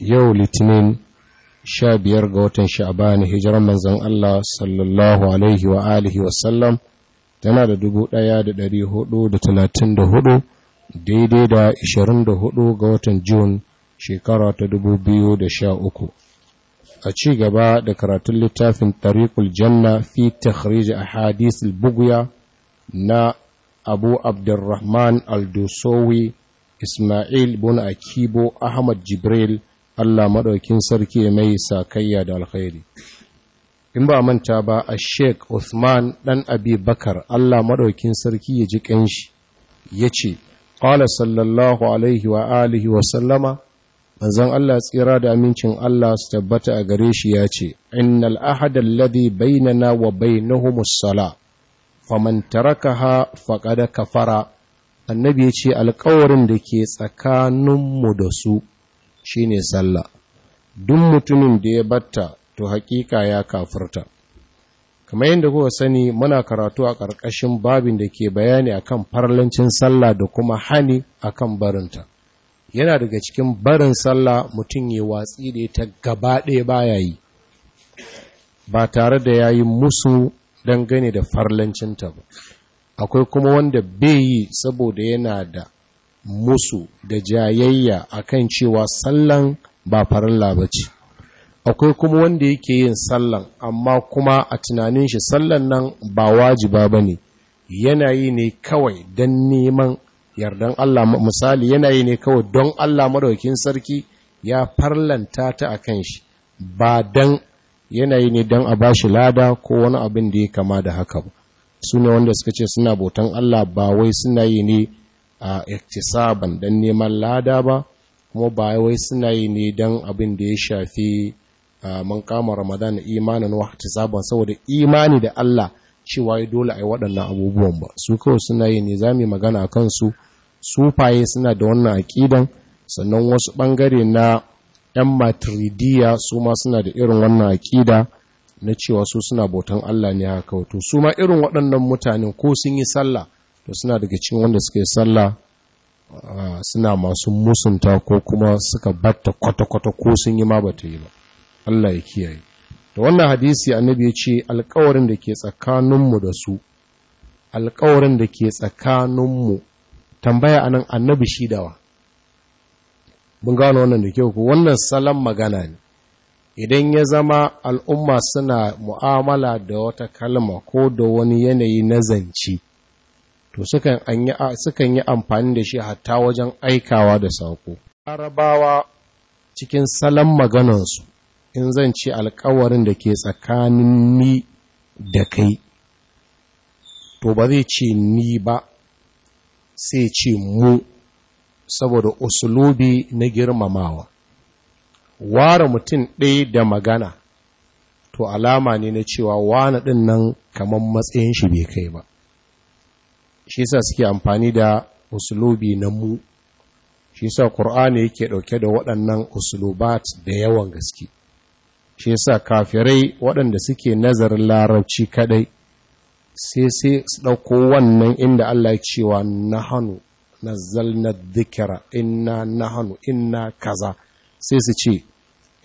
yau litinin sha biyar ga watan sha'abani hijiran Manzon Allah sallallahu alaihi wa alihi wasallam tana da dubu ɗaya da ɗari hudu da talatin da hudu daidai da ishirin da hudu ga watan jun shekara ta dubu biyu da sha uku a ci gaba da karatun littafin tariqul janna fi takhrij a al-bughya na abu abdurrahman al ismail bun akibo ahmad jibril Allah maɗaukin sarki mai sakayya da alkhairi in ba manta ba a sheik Uthman ɗan abi bakar Allah maɗaukin sarki ya ji ƙanshi ya ce ƙwala sallallahu alaihi wa alihi wa sallama manzan Allah tsira da amincin Allah su tabbata a gare shi ya ce innal al’ahadar ladi bainana wa bainahumus sala faman tarakaha da kafara annabi ya ce alƙawarin da ke tsakaninmu da su shi ne sallah duk mutumin da ya batta to hakika ya kafirta kamar yadda kuka sani muna karatu a ƙarƙashin babin da ke bayani akan farlancin sallah da kuma hani akan barinta yana daga cikin barin sallah mutum ya watsi da ta gaba ɗaya baya yi ba tare da ya yi musu dangane da farlancinta ba akwai kuma wanda bai yi saboda yana da musu da jayayya akan cewa sallan ba farilla ba ce akwai kuma wanda yake yin sallan amma kuma a tunanin shi sallan nan ba wajiba ba ne yanayi ne kawai don neman yardan Allah misali yanayi ne kawai don Allah madaukin sarki ya farlanta ta a kan shi ba don yanayi ne don a bashi lada ko wani abin da ya kama da haka ba su ne wanda suka ce suna bautan Allah ba wai suna yi ne a iktisaban don neman lada ba kuma ba wai suna yi ne don abin da ya shafi mun kama ramadan imanin wa iktisaban saboda imani da Allah cewa dole a yi waɗannan abubuwan ba su kawai suna yi ne za mu magana kansu su sufaye suna da wannan aƙidan sannan wasu ɓangare na 'yan matridiya su ma suna da irin wannan aƙida na cewa su suna bautan Allah ne haka wato su ma irin waɗannan mutanen ko sun yi sallah to suna daga cikin wanda suka yi sallah suna masu musunta ko kuma suka batta kwata-kwata ko sun yi ma ba ta yi ba Allah ya kiyaye da wannan hadisi annabi ya ce alkawarin da ke tsakaninmu da su alkawarin da ke tsakaninmu tambaya anan annabi shi dawa mun gano wannan da ke ku. wannan salon magana ne idan ya zama al'umma suna mu'amala da wata kalma ko da wani yanayi na zance to sukan yi amfani da shi hatta wajen aikawa da saƙo arabawa cikin salon maganansu in zan ce alkawarin da ke tsakanin ni da kai to ba zai ce ni ba sai ce mu saboda usulobi na girmamawa ware mutum ɗaya da magana to alama ne na cewa wane ɗin nan kamar matsayin shi bai kai ba shi sa suke amfani da usulobi na mu shi sa ƙur'ani yake ɗauke da waɗannan usulubat da yawan gaske shi sa kafirai waɗanda suke nazarin larabci kadai sai sai su dauko wannan inda Allah ya cewa nahanu nazzalna dhikra inna hannu inna kaza sai su ce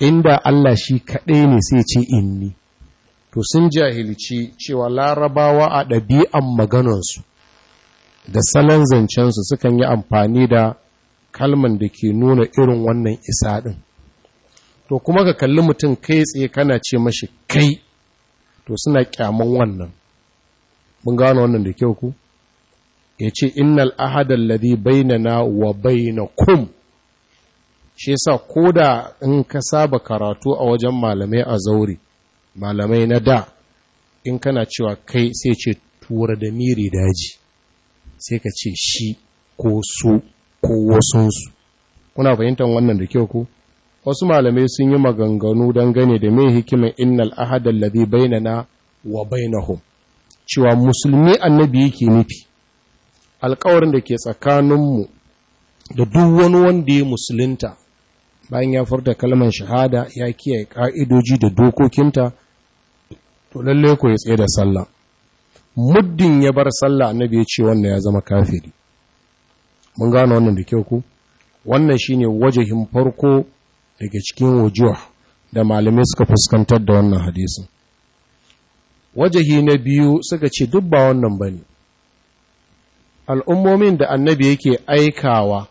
inda Allah shi kadai ne sai ce inni to sun jahilci cewa larabawa a ɗabi'an maganansu da salon zancensu sukan yi amfani da kalman da ke nuna irin wannan isa ɗin to kuma ka kalli mutum kai tsaye kana ce mashi kai to suna kyaman wannan mun gano wannan da kyau ku ya ce innal ahadal ladhi bainana wa bainakum shi yasa da in ka saba karatu a wajen malamai a zaure, malamai na da in kana cewa kai sai ce tura da miri daji sai ka ce shi ko su ko wasunsu kuna fahimtar wannan da kyau ku? wasu malamai sun yi maganganu dangane da mai hikimar innal ahad baina na wa bainahum cewa musulmi annabi yake nufi alkawarin da ke tsakaninmu da duk wani wanda ya musulunta bayan ya furta kalmar shahada ya kiyaye ka'idoji da dokokinta to lallai ku ya tsaye da sallah muddin ya bar sallah annabi ya ce wannan ya zama kafiri mun gano wannan da kyau ku wannan shine wajahin farko daga cikin wujuh da malamai suka fuskantar da wannan hadisin wajahi na biyu suka ce duk ba wannan bane al'ummomin da annabi yake aikawa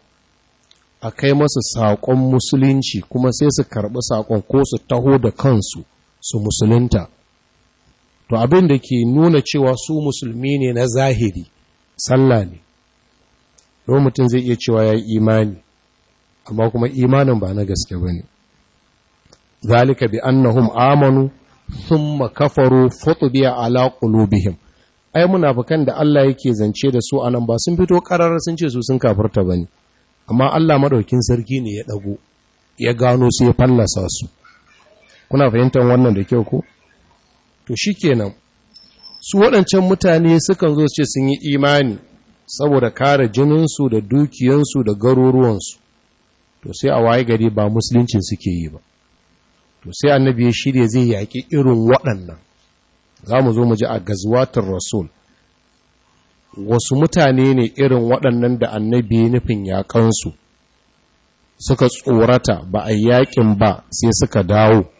a kai masu saƙon musulunci kuma sai su karɓi saƙon ko su taho da kansu su musulunta to abin da ke nuna cewa su musulmi ne na zahiri sallah ne don mutum zai iya cewa ya yi imani amma kuma imanin ba na gaske ba ne zalika bi annahum amanu thumma kafaru biya ala ƙulubihim ai fukan da Allah yake zance da su anan ba sun fito karara sun ce su sun kafarta ba ne. amma Allah maɗaukin sarki ne ya ɗago ya gano su ya fallasa su kuna fahimtar wannan da kyau ko to shikenan su waɗancan mutane sukan zo ce sun yi imani saboda kare jininsu da dukiyansu da garuruwansu to sai a waye gari ba musuluncin suke yi ba to sai annabi ya shirya zai yaƙi irin waɗannan za mu zo mu ji a gazuwatar rasul wasu mutane ne irin waɗannan da annabi nufin yaƙansu suka tsorata ba a yaƙin ba sai suka dawo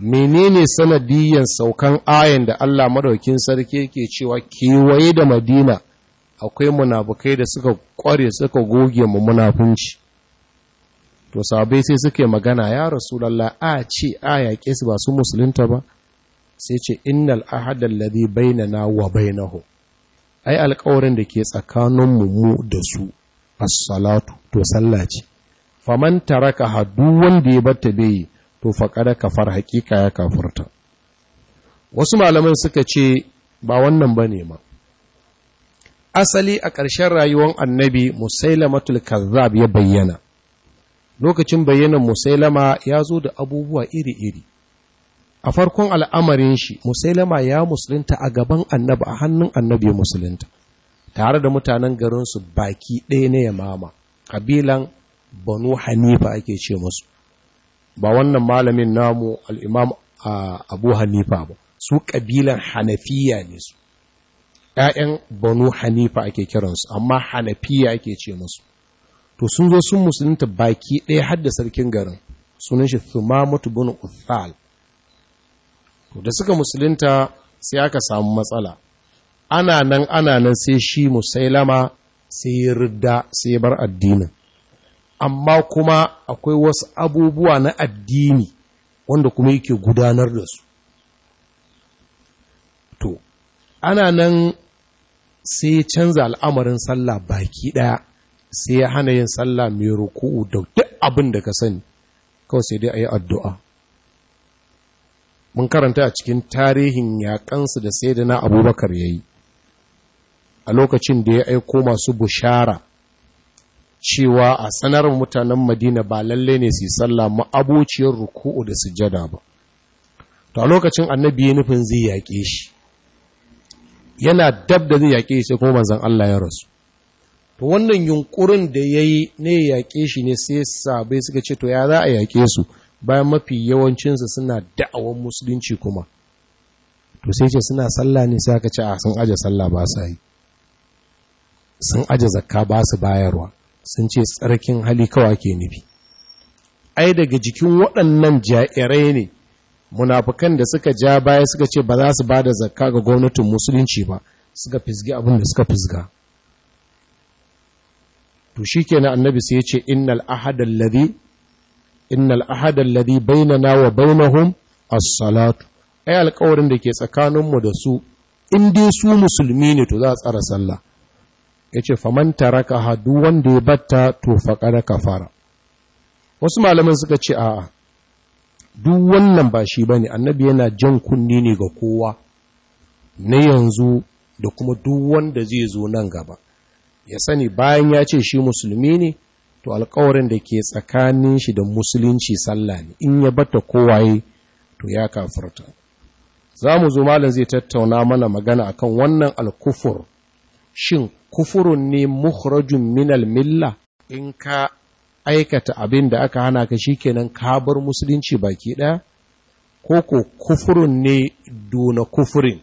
menene sanadiyan saukan ayan da Allah madaukin sarki yake cewa kewaye da Madina akwai munafukai da suka kware suka goge mu munafunci to sabai sai suke magana ya rasulullah a ce aya su ba su musulunta ba sai ce innal ahadal ladhi bainana wa bainahu ai alƙawarin da ke tsakanin mu da su as-salatu to sallah ce faman taraka hadu wanda ya bata bai to faƙada kafar haƙiƙa ya kafurta wasu malaman suka ce ba wannan ba ne ma asali a ƙarshen rayuwar annabi musailamatul kazzab ya bayyana lokacin bayyanan musailama ya zo da abubuwa iri-iri a farkon al'amarin shi musailama ya musulunta a gaban annabi a hannun annabi musulunta tare da mutanen garinsu baki ɗaya na yamama kabilan banu hanifa ake ce musu ba wannan malamin namu al'imam abu hanifa ba su ƙabilan hanafiya ne su ‘ya'yan banu hanifa ake kiransu amma hanafiya ake ce masu. to sun zo sun musulunta baki ɗaya har da sarkin garin sunan shi thumamatu bin uthal to da suka musulunta sai aka samu matsala ana nan ana nan sai shi musailama sai ya ridda sai bar addinin amma kuma akwai wasu abubuwa na addini wanda kuma yake gudanar da su to ana nan sai canza al'amarin sallah baki ɗaya sai ya hana yin sallah mai ruku'u da duk abin da ka sani kawai sai dai a yi addu'a mun karanta a cikin tarihin yaƙansu da sai da na abubakar ya yi a lokacin da ya aiko masu bushara cewa a sanar mutanen madina ba lalle ne su sallah ma'abociyar ruku'u da sujada ba to a lokacin annabi ya nufin zai yaƙe shi yana dab da zai yaƙe shi sai kuma manzon Allah ya rasu to wannan yunkurin da yayi ne yaƙe shi ne sai sabai suka ce to ya za a yaƙe su bayan mafi yawancinsu suna da'awan musulunci kuma to sai ce suna sallah ne sai aka ce a sun aje sallah ba sa yi sun aje zakka ba su bayarwa sun ce tsarkin hali kawa ke nufi ai daga jikin waɗannan ja'irai ne munafukan da suka ja baya suka ce ba za su ba da zakka ga gwamnatin musulunci ba suka fisgi abin da suka fisga to shikenan annabi sai ya ce innal ahad alladhi innal ahad alladhi bainana wa bainahum as-salatu ai alƙawarin da ke tsakaninmu da su in dai su musulmi ne to za a tsara sallah ya ce faman taraka hadu wanda ya batta to faƙada kafara wasu malamin suka ce a'a duk wannan ba shi ba ne annabi yana jan kunni ne ga kowa na yanzu da kuma duk wanda zai zo nan gaba ya sani bayan ya ce shi musulmi ne to alkawarin da ke tsakanin shi da musulunci sallah ne in ya bata kowaye to ya kafarta za mu zo malam zai tattauna mana magana akan wannan alkufur shin kufurun ne mukhrajun minal milla in ka aikata abin da aka hana ka shikenan ka bar musulunci baki ɗaya ko ko kufurun ne duna kufurin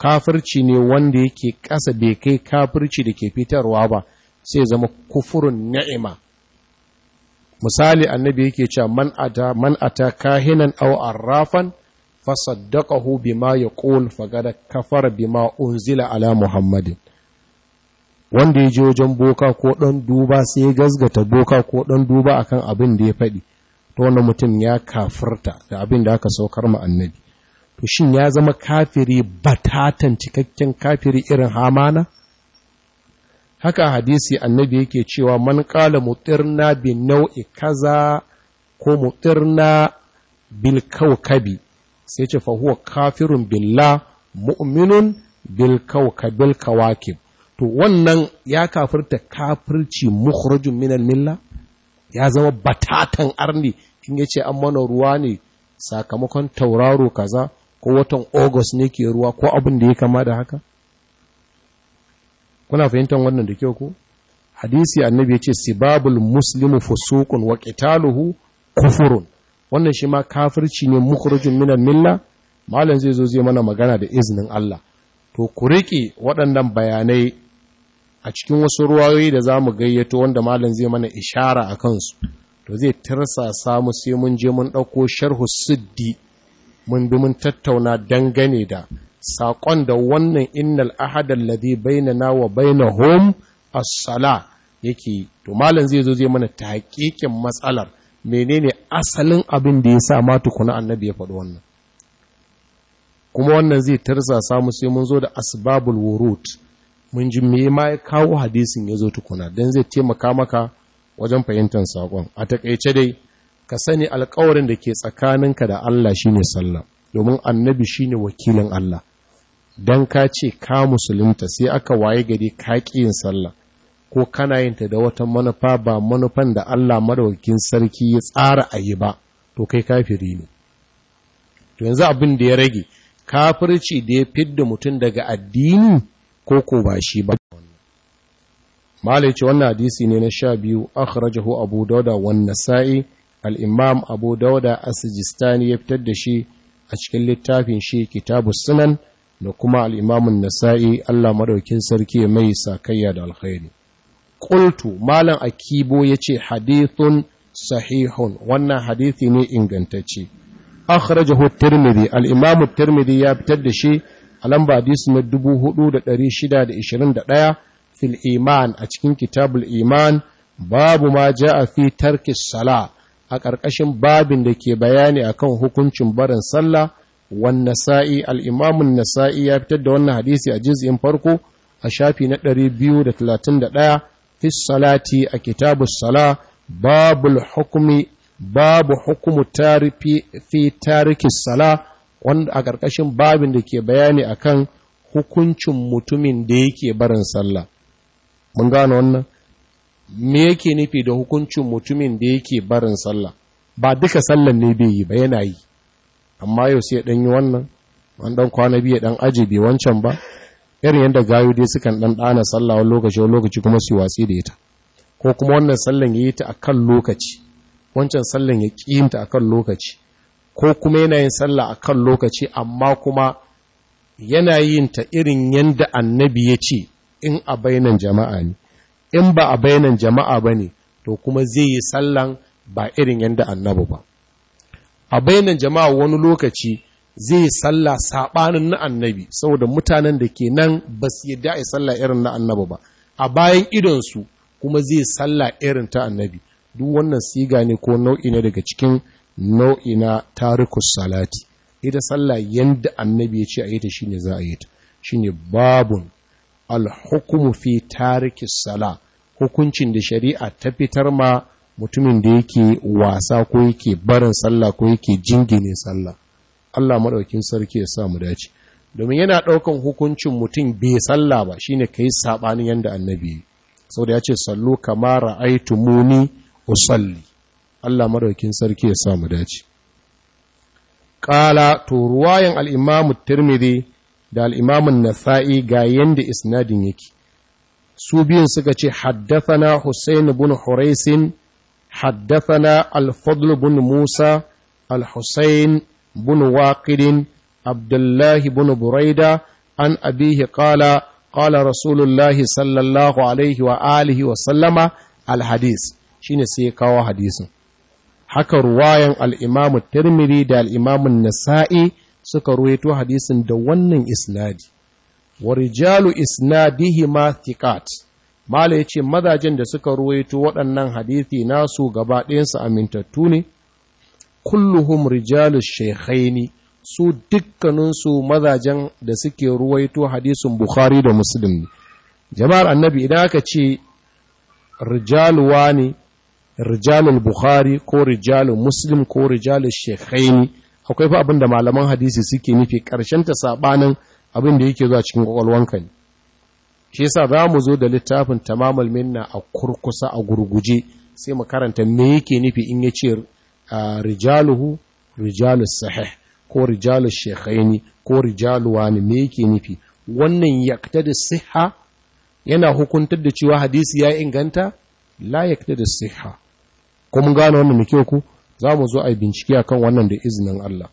kafirci ne wanda yake ƙasa bai kai kafirci da ke fitarwa ba sai zama kufurun ni'ima misali annabi yake cewa man ata man ata kahinan aw arrafan fasaddaqahu bima yaqul fagada kafara bima unzila ala muhammadin wanda ya je wajen boka ko ɗan duba sai ya gazgata boka ko ɗan duba akan abin da ya faɗi to wannan mutum ya kafirta da abin da aka saukar ma annabi to shin ya zama kafiri batatan cikakken kafiri irin hamana haka hadisi annabi yake cewa man qala mutirna bi nau'i kaza ko mutirna bil kawkabi sai ce fa huwa kafirun billah mu'minun bil kawkabil kawakib to wannan ya kafirta kafirci mukhrajun minal milla ya zama batatan arni in yace an mana ruwa ne sakamakon tauraro kaza ko watan August ne ke ruwa ko abin da ya kama da haka kuna fahimtar wannan da kyau ko hadisi annabi yace sibabul muslimu fusuqun wa qitaluhu kufurun wannan shi ma kafirci ne mukhrajun minal milla malam zai zo zai mana magana da iznin Allah to ku riƙe waɗannan bayanai a cikin wasu ruwayoyi da za mu gayyato wanda malam zai mana ishara a kansu to zai tarsa samu sai mun je mun ɗauko sharhu siddi mun bi mun tattauna dangane da saƙon da wannan innal ahadar ladhi bainana wa bainahum as-sala yake to malam zai zo zai mana ta hakikin matsalar menene asalin abin da ya sa ma tukuna annabi ya faɗi wannan kuma wannan zai tarsa samu sai mun zo da asbabul wurut. mun ji me ma ya kawo hadisin ya zo tukuna don zai taimaka maka wajen fahimtar saƙon a taƙaice dai ka sani alƙawarin da ke tsakaninka da Allah shi ne sallah domin annabi shi ne wakilin Allah don ka ce ka musulunta sai aka waye gari ka ƙi yin sallah ko kana yin ta da wata manufa ba manufan da Allah madawakin sarki ya tsara a yi ba to kai kafiri ne to yanzu abin da ya rage kafirci da ya fidda mutum daga addini ko ko ba shi ba malai ce wannan hadisi ne na sha biyu jihu abu dauda wannan sa'i al'imam abu dauda as-sijistani ya fitar da shi a cikin littafin shi kitabu sunan da kuma al'imamun nasa'i Allah maɗaukin sarki mai sakayya da alkhairi. Ƙultu, Malam Akibo ya ce, Hadithun sahihun, wannan hadithi ne ingantacce. jihu Tirmidhi, al'imamun Tirmidhi ya fitar da shi a lamba hadisi na 4621 fil iman a cikin kitabul iman babu ma a fi tarkis sala a ƙarƙashin babin da ke bayani akan hukuncin barin sallah wan nasa'i al-imamun nasa'i ya fitar da wannan hadisi a jizin farko a shafi na 231 fi salati a kitabus sala babul hukumi babu hukumu tarifi fi tarikis sala wanda a ƙarƙashin babin da ke bayani a kan hukuncin mutumin da yake barin sallah mun gano wannan me yake nufi da hukuncin mutumin da yake barin sallah ba duka sallan ne bai yi ba yana yi amma yau sai dan yi wannan wani dan kwana biya dan aji bai wancan ba irin yadda gayu dai sukan ɗan ɗana sallah wani lokaci wani lokaci kuma su watsi da ita ko kuma wannan sallan ya yi ta akan lokaci wancan sallan ya a akan lokaci ko kuma yana yin sallah a kan lokaci amma kuma yana yin ta irin yadda annabi ya ce in a bainan jama'a ne in ba a bainan jama'a ba ne to kuma zai yi sallan ba irin yadda annabi ba a bainan jama'a wani lokaci zai sallah saɓanin na annabi saboda mutanen da ke nan ba su yi da'a sallah irin na annabi ba a bayan idonsu kuma zai sallah irin ta annabi duk wannan siga ne ko nau'i ne daga cikin nau'i na tarikus salati ita sallah yanda annabi ya ce a yi ta shine za a yi ta shine babun alhukumu fi tarikus sala hukuncin da shari'a ta fitar ma mutumin da yake wasa ko yake barin sallah ko yake jingine sallah Allah maɗaukin sarki ya sa mu dace domin yana ɗaukan hukuncin mutum bai sallah ba shine kai saɓanin yanda annabi saboda ya ce sallu kama ra'aytumuni usalli Allah madaukin sarki ya samu dace qala to ruwayan al-imam tirmidhi da al-imam an-nasa'i ga yanda isnadin yake su biyun suka ce haddathana Husain ibn Hurais haddathana al-Fadl ibn Musa al-Husain ibn Waqid Abdullah ibn Buraida an abihi qala qala Rasulullahi sallallahu alaihi wa alihi wa sallama al-hadith shine sai kawo hadisin haka ruwayan al'imamu tirmiri da al'imamun nasa'i suka ruwaito hadisin da wannan isnadi wa rijalu isnadihi ma thiqat mala yace mazajen da suka ruwaito waɗannan hadisi nasu gaba ɗayansu amintattu ne kulluhum rijalu shaykhaini su dukkaninsu mazajen da suke ruwaito hadisin bukhari da muslim ne jama'ar annabi idan aka ce rijaluwa ne Rijalil bukhari ko rijal muslim ko rijal shekhaini akwai fa abinda malaman hadisi suke nufi karshen ta sabanin abin da yake zuwa cikin kwakwalwanka ne shi yasa za mu zo da littafin tamamul minna a kurkusa a gurguje sai mu karanta me yake nufi in yace rijaluhu rijal sahih ko rijal shekhaini ko rijalu wani me yake nufi wannan yaktadi siha yana hukuntar da cewa hadisi ya inganta la yaktadi siha ko mun gane wannan da kyau ku za mu zo a yi bincike akan wannan da izinin Allah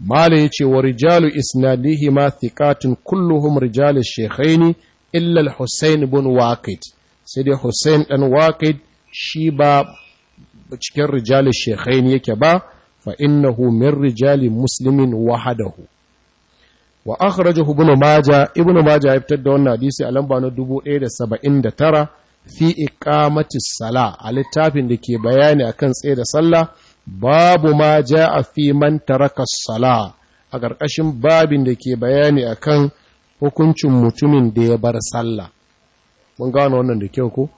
mala ya ce wa rijalu isnadihi ma thiqatun kulluhum rijalu shaykhaini illa al-husayn ibn waqid sai dai husayn dan waqid shi ba cikin rijalu shaykhaini yake ba fa innahu min rijali muslimin wahadahu wa akhrajahu ibn majah ibn majah ya fitar da wannan hadisi a lamba na 1079 fi iqamatis sala a littafin da ke bayani akan tsaye da sallah babu ma a fi man taraka sala a ƙarƙashin babin da ke bayani akan hukuncin mutumin da ya bar sallah mun gano wannan da kyau ko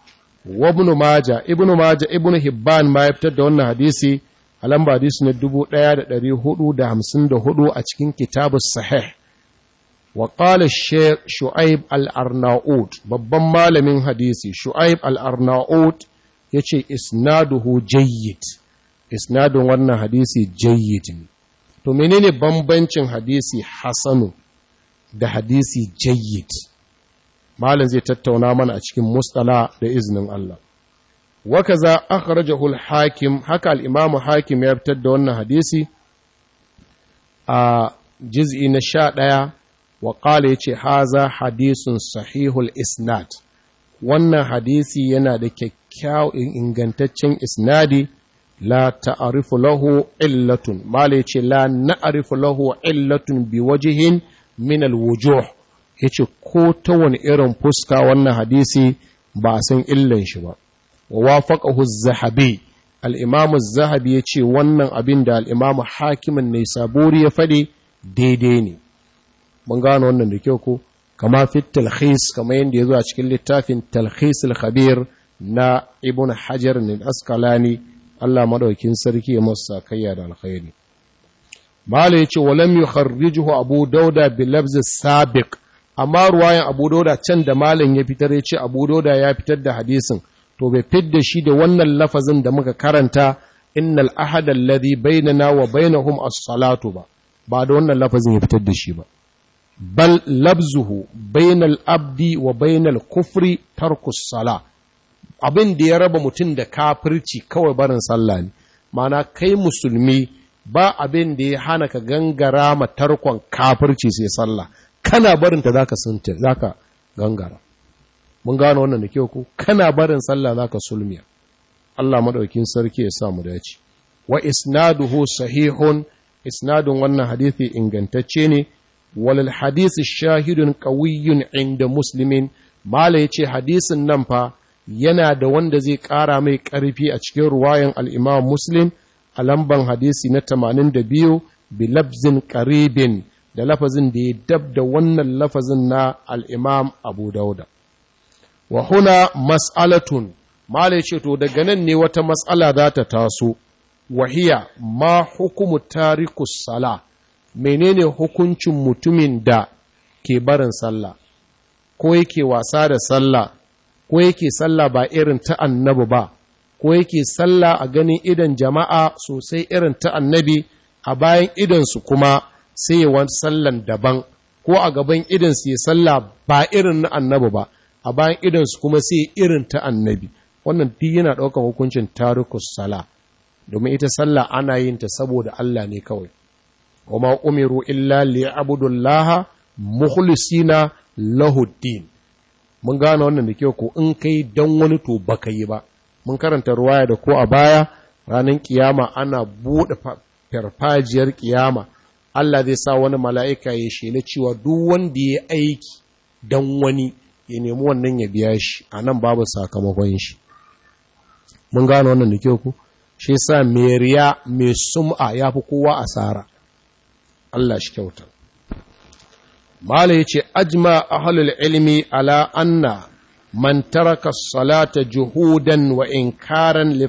wabnu maja ibnu maja ibnu hibban ma ya da wannan hadisi a lamba hadisi na 1454 a cikin kitabus sahih Waƙala ƙala shu'aib al'arna'ud babban malamin hadisi shu'aib al'arna'ud ya ce isnaduhu jayyid isnadun wannan hadisi jayyid ne to menene bambancin hadisi hasanu da hadisi jayyid malam zai tattauna mana a cikin mustala da izinin Allah wakaza akhrajahu al-hakim haka al hakim ya fitar da wannan hadisi a juz'i na sha ɗaya. wa qala yace haza hadisun sahihul isnad wannan hadisi yana da kyakkyawan ingantaccen isnadi la ta'arifu lahu illatun ya yace la na'arifu lahu illatun wajihin min ya yace ko ta wani irin fuska wannan hadisi ba a san illan shi ba wa wafaqahu az-zahabi al zahabi ya ce yace wannan abin da al hakimin hakim sabori naisaburi ya fade daidai ne mun gano wannan da kyau ko kama fit talhis kama yadda ya zo a cikin littafin talhis al-khabir na ibn hajar ne askalani Allah madaukin sarki ya masa sakayya da alkhairi mala yace walam yukharrijuhu abu dauda bi labz sabiq amma ruwayan abu dauda can da malam ya fitar yace abu dauda ya fitar da hadisin to bai fidda shi da wannan lafazin da muka karanta innal ahad alladhi bainana wa bainahum as-salatu ba ba da wannan lafazin ya fitar da shi ba bal labzuhu bainal abdi wa bainal kufri tarkus sala abin da ya raba mutum da kafirci kawai barin sallah ne mana kai musulmi ba abin da ya hana ka gangara ma tarkon kafirci sai sallah kana barin ta zaka sunta zaka gangara mun gano wannan da kyau ko kana barin sallah zaka sulmiya Allah madaukin sarki ya sa mu dace wa isnaduhu sahihun isnadun wannan hadisi ingantacce ne walal shahidun qawiyyun inda muslimin mala yace hadisin nan fa yana da wanda zai ƙara mai ƙarfi a cikin ruwayan al-Imam Muslim a lamban hadisi na 82 bi lafzin qaribin da lafazin da ya dab da wannan lafazin na al-Imam Abu Dauda wa huna mas'alatun mala yace to daga nan ne wata mas'ala za ta taso wahiya ma hukumu tarikus sala menene hukuncin mutumin da ke barin sallah ko yake wasa da sallah ko yake sallah ba irin ta annabi ba ko yake sallah a ganin idan jama'a sosai irin ta annabi a bayan idansu kuma sai ya wani sallan daban ko a gaban idansu ya sallah ba irin na annabi ba a bayan idansu kuma sai irin ta annabi wannan duk yana ɗaukar hukuncin tarukus sala domin ita sallah ana yin ta saboda Allah ne kawai wa umiru illa li abudullah mukhlisina lahuddin mun gane wannan da kyau ko in kai dan wani to baka yi ba mun karanta ruwaya da ko a baya ranar kiyama ana buɗe farfajiyar kiyama Allah zai sa wani mala'ika ya shela cewa duk wanda ya aiki dan wani ya nemi wannan ya biya shi a nan babu sakamakon shi mun gane wannan da kyau ku shi sa mai riya mai sum'a ya fi kowa asara Allah shi kyauta mala yace ajma ahlul ilmi ala anna man taraka salata juhudan wa inkaran li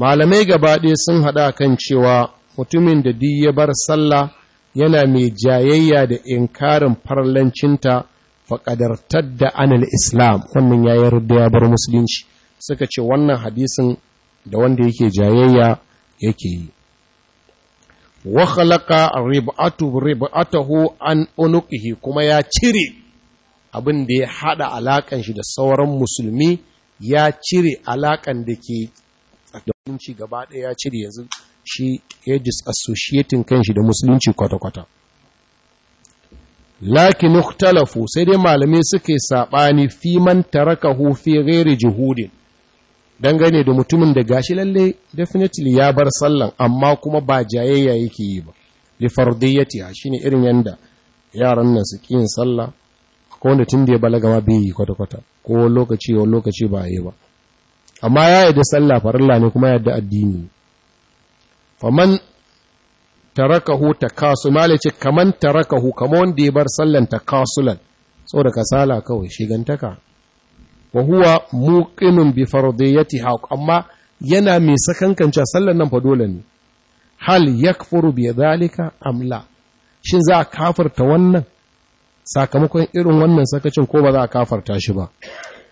malamai gaba ɗaya sun haɗa kan cewa mutumin da duk ya bar sallah yana mai jayayya da inkarin farlancinta faƙadartar da anil islam wannan ya yarda ya bar musulunci suka ce wannan hadisin da wanda yake jayayya yake yi wa khalaqa rib'atu rib'atahu an unuqihi kuma ya cire abin da ya hada alakan shi da sauran musulmi ya cire alakan da ke musulunci gaba ɗaya ya cire yanzu shi ya disassociating shi da musulunci kwata-kwata lakin ikhtalafu sai dai malamai suke sabani fi man tarakahu fi ghairi juhudin dangane da mutumin da gashi lalle definitely ya bar sallan amma kuma ba jayayya yake yi ba li shi shine irin yanda yaran nan su yin sallah ko wanda tun da ya balaga ma bai yi kwata kwata ko lokaci ko lokaci ba yi ba amma ya yi da sallah farilla ne kuma yadda addini faman tarakahu kasu malice kaman tarakahu kamar wanda ya bar sallan takasulan da kasala kawai shigantaka wa huwa muqinun bi fardiyatiha amma yana mai sakankanci sallan nan fa dole ne hal yakfuru bi dhalika am la shin za a kafarta wannan sakamakon irin wannan sakacin ko ba za a kafarta shi ba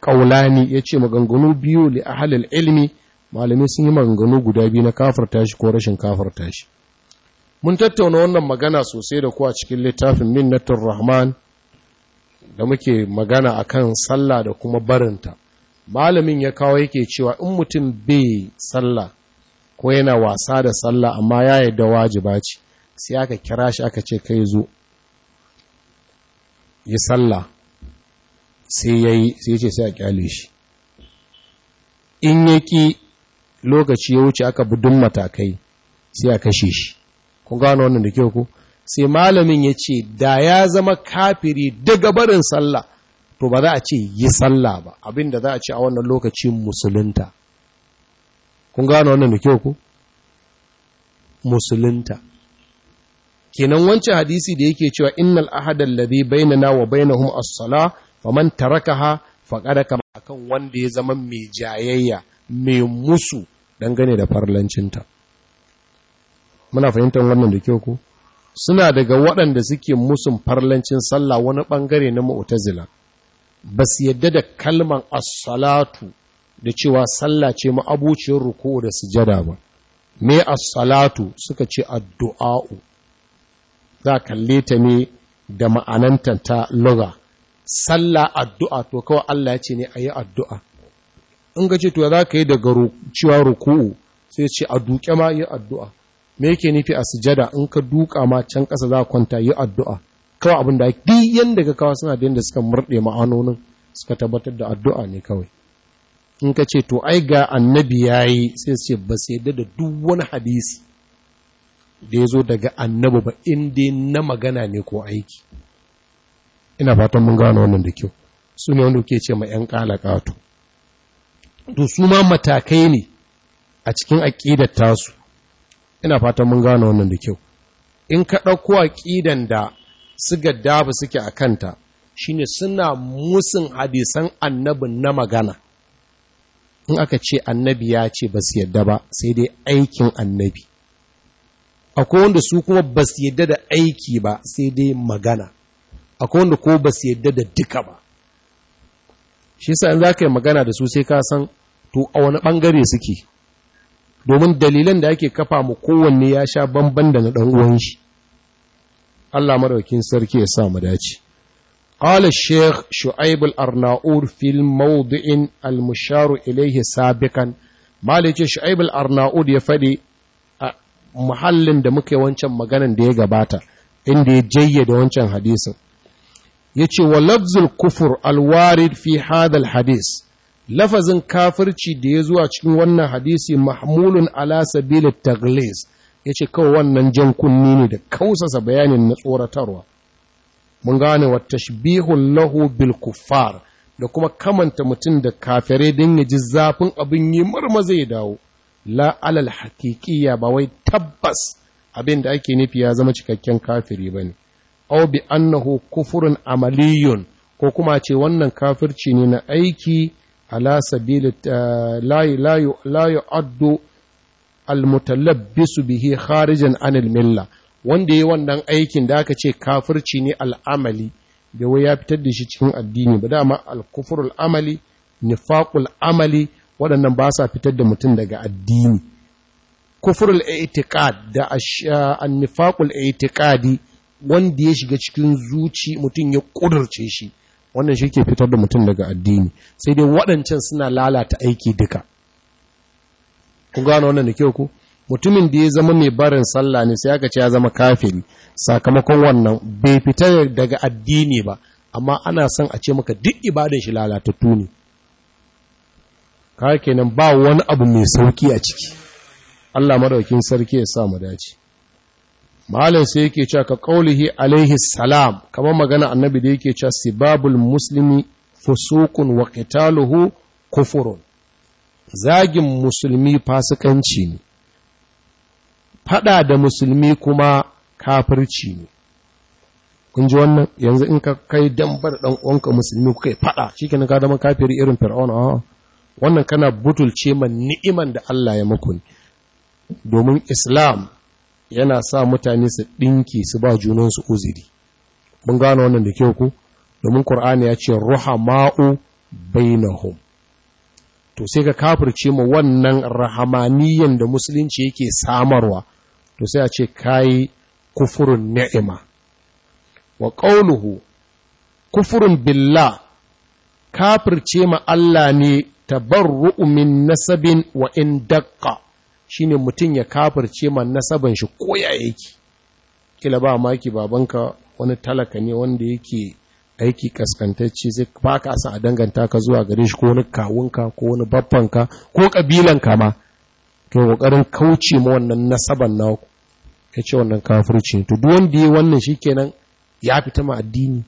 qaulani yace maganganu biyu li ahlil ilmi malamai sun yi maganganu guda biyu na kafarta shi ko rashin kafarta shi mun tattauna wannan magana sosai da ku a cikin littafin minnatur rahman da muke magana a kan sallah da kuma barinta malamin ya kawo yake cewa in mutum bai sallah ko yana wasa da sallah amma ya yadda wajiba ce sai aka kira shi aka ce kai zo yi sallah sai ya yi sai ce sai a kyale shi in yaki lokaci ya wuce aka budin matakai sai a kashe shi kun gano wannan da kyau ku sai malamin ya ce da ya zama kafiri daga barin sallah to ba za a ce yi sallah ba abinda za a ce a wannan lokaci musulunta kun gano wannan da kyau ku musulunta kenan wancan hadisi da yake cewa innal ahadal ladhi na, wa bainahum as-sala faman tarakaha faqad kama akan wanda ya zama mai jayayya mai musu dangane da farlancinta muna fahimtar wannan da kyau ku? suna daga waɗanda suke musun farlancin sallah wani ɓangare na ma'utazila ba su yadda da kalman asalatu da cewa sallah ce ma'abuciyar ruku da sujada ba me asalatu suka ce addu'a'u za a kalle ta ne da ma'ananta ta lura. sallah addu'a to kawai Allah ya ce ne a yi addu'a in ga ce to za ka yi daga cewa ruku'u sai ce a duke ma yi addu'a me yake nufi a sujada in ka duka ma can ƙasa za kwanta yi addu'a kawai abin da duk yanda ka kawo suna da yanda suka murɗe ma'anonin suka tabbatar da addu'a ne kawai in ka ce to ai ga annabi yayi sai su ce ba su yadda da duk wani hadisi da ya zo daga annabi ba in dai na magana ne ko aiki ina fatan mun gane wannan da kyau su ne wanda ke ce ma 'yan ƙato to su ma matakai ne a cikin aƙidar tasu ina fatan mun gano wannan da kyau in ka ɗauko aƙidan da suka dabu suke a kanta shi ne suna musin hadisan annabin na magana in aka ce annabi ya ce ba su yadda ba sai dai aikin annabi akwai wanda su kuma ba su yadda da aiki ba sai dai magana akwai wanda ko ba su yadda da duka ba shi sa in za ka yi magana da su sai ka san to a wani bangare suke domin dalilan da ake kafa mu kowanne ya sha bamban da na ɗan uwan shi Allah madaukin sarki ya sa mu dace قال الشيخ شعيب maudu'in al-Musharu ilaihi sabikan سابقا ما ليش ya faɗi a muhallin da muke wancan maganan da ya gabata inda ya jayyada wancan hadisin yace wa lafzul kufur alwarid fi Hadal hadis. lafazin kafirci da ya zuwa cikin wannan hadisi mahmulun ala sabili taglis ya ce kawai wannan jan kunni ne da kausasa bayanin na tsoratarwa mun gane wa tashbihun lahu bil kuffar da kuma kamanta mutum da kafirai don ya ji zafin abin yi marma zai dawo la'alal alal hakikiya ba wai tabbas abin da ake nufi ya zama cikakken kafiri ba ne au bi annahu kufurun amaliyun ko kuma ce wannan kafirci ne na aiki ala sabili la yu'addu almutalabbisu bihi kharijan anil milla wanda yi wannan aikin da aka ce kafirci ne al'amali da wai ya fitar da shi cikin addini ba dama al amali nifaqul amali waɗannan ba sa fitar da mutum daga addini kufrul i'tiqad da A nifaqul i'tiqadi wanda ya shiga cikin zuci mutum ya ƙudurce shi wannan shi ke fitar da mutum daga addini sai dai waɗancan suna lalata aiki duka Ku gano wannan da kyau ku mutumin da ya zama mai barin sallah ne sai aka ce ya zama kafiri sakamakon wannan bai fitar daga addini ba amma ana son a ce maka duk ibadan shi lalatattu ne kawai kenan ba wani abu mai sauki a ciki Allah madaukin sarki ya sa mu dace malam sai yake cewa ka qaulihi alaihi salam kamar magana annabi da yake cewa sibabul muslimi fusukun wa qitaluhu kufurun zagin musulmi fasikanci ne fada da musulmi kuma kafirci ne kun ji wannan yanzu in ka kai dambar dan uwanka musulmi kuka fada shikenan ka zama kafiri irin fir'auna wannan kana butulce man ni'iman da Allah ya muku domin islam yana sa mutane su ɗinki su ba junansu uziri mun gano wannan da kyau ku domin ƙur'ani ya ce rahama'u bainahum to sai ka kafirce mu wannan rahamaniyan da musulunci yake samarwa to sai a ce kai kufurun ni'ima wa qawluhu kufurun billah kafirce ma Allah ne tabarru'u min nasabin wa in daqqa Shi ne mutum ya kafirce ma nasaban shi ko ya yake kila ba maki babanka wani talaka ne wanda yake aiki kaskantacce sai ba ka san a danganta ka zuwa gare shi ko wani kawunka ko wani babbanka ko kabilanka ma to kokarin kauce ma wannan nasaban naku ce wannan kafirci to duk wanda ya wannan kenan ya fita ma addini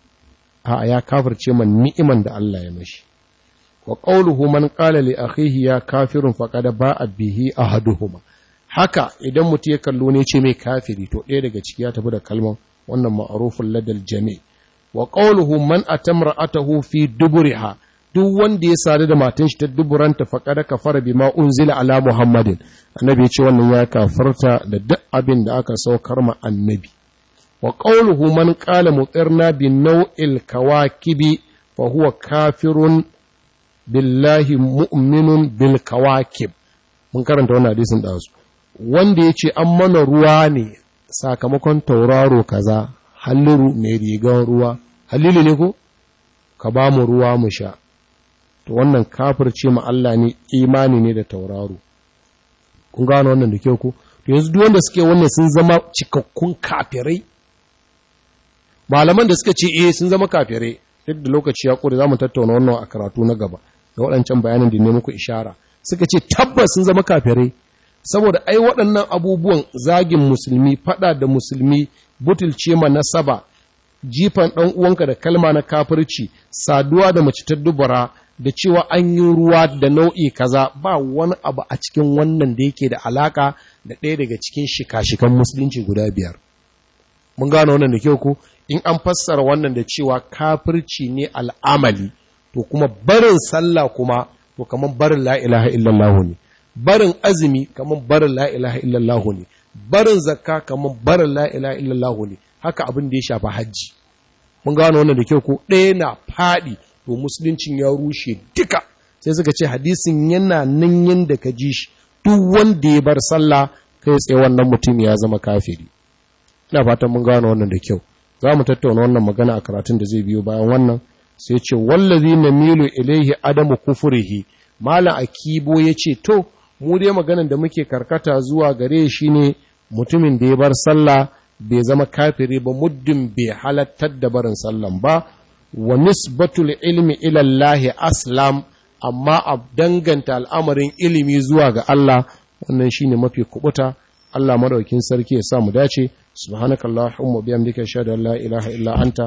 a ya kafirce man ni'iman da Allah ya mashi wa qawluhu man qala li akhihi ya kafirun faqad ba'a bihi ahaduhuma haka idan mutum ya kallo ne ce mai kafiri to ɗaya daga ciki ya tafi da kalman wannan ma'arufin ladal jami wa qawluhu man atamra'atahu fi duburiha duk wanda ya sadu da matan shi ta duburanta faqada kafara bima unzila ala muhammadin annabi ya ce wannan ya kafarta da duk abin da aka saukar ma annabi wa qawluhu man qala mutirna bi naw'il kawakibi fa huwa kafirun billahi mu'minun bil kawakib mun karanta wannan hadisin da su wanda yace an mana ruwa ne sakamakon tauraro kaza halliru mai rigan ruwa halilu ne ko ka ba mu ruwa mu sha to wannan ce ma Allah ne imani ne da tauraro kun gano wannan da kyau ko to yanzu duk wanda suke wannan sun zama cikakkun kafirai malaman da suka ce eh sun zama kafirai duk da lokaci ya kure zamu tattauna wannan a karatu na gaba da waɗancan bayanan da ne muku ishara suka ce tabbas sun zama kafirai saboda ai waɗannan abubuwan zagin musulmi fada da musulmi butulce ma nasaba jifan ɗan uwanka da kalma na kafirci saduwa da mace ta dubara da cewa an yi ruwa da nau'i kaza ba wani abu a cikin wannan da yake da alaka da ɗaya daga cikin shika-shikan musulunci guda biyar mun gano wannan da kyau ko in an fassara wannan da cewa kafirci ne al'amali to kuma barin sallah kuma to kaman barin la ilaha illallah ne barin azumi kaman barin la ilaha illallah ne barin zakka kamar barin la ilaha illallah ne haka abin da ya shafa hajji mun gano wannan da kyau ko ɗaya na faɗi to musuluncin ya rushe duka sai suka ce hadisin yana nan yanda ka ji shi duk wanda ya bar sallah kai tsaye wannan mutum ya zama kafiri ina fatan mun gano wannan da kyau za mu tattauna wannan magana a karatun da zai biyo bayan wannan sai ce wallazi namilu ilaihi adamu kufurihi malam akibo ce to mu dai maganan da muke karkata zuwa gare shi ne mutumin da ya bar sallah bai zama kafiri ba muddin bai halattar da barin sallan ba wa nisbatul ilmi ila aslam amma a danganta al'amarin ilimi zuwa ga Allah wannan shine mafi kubuta Allah madaukin sarki ya sa mu dace subhanakallahumma bihamdika ashhadu la ilaha illa anta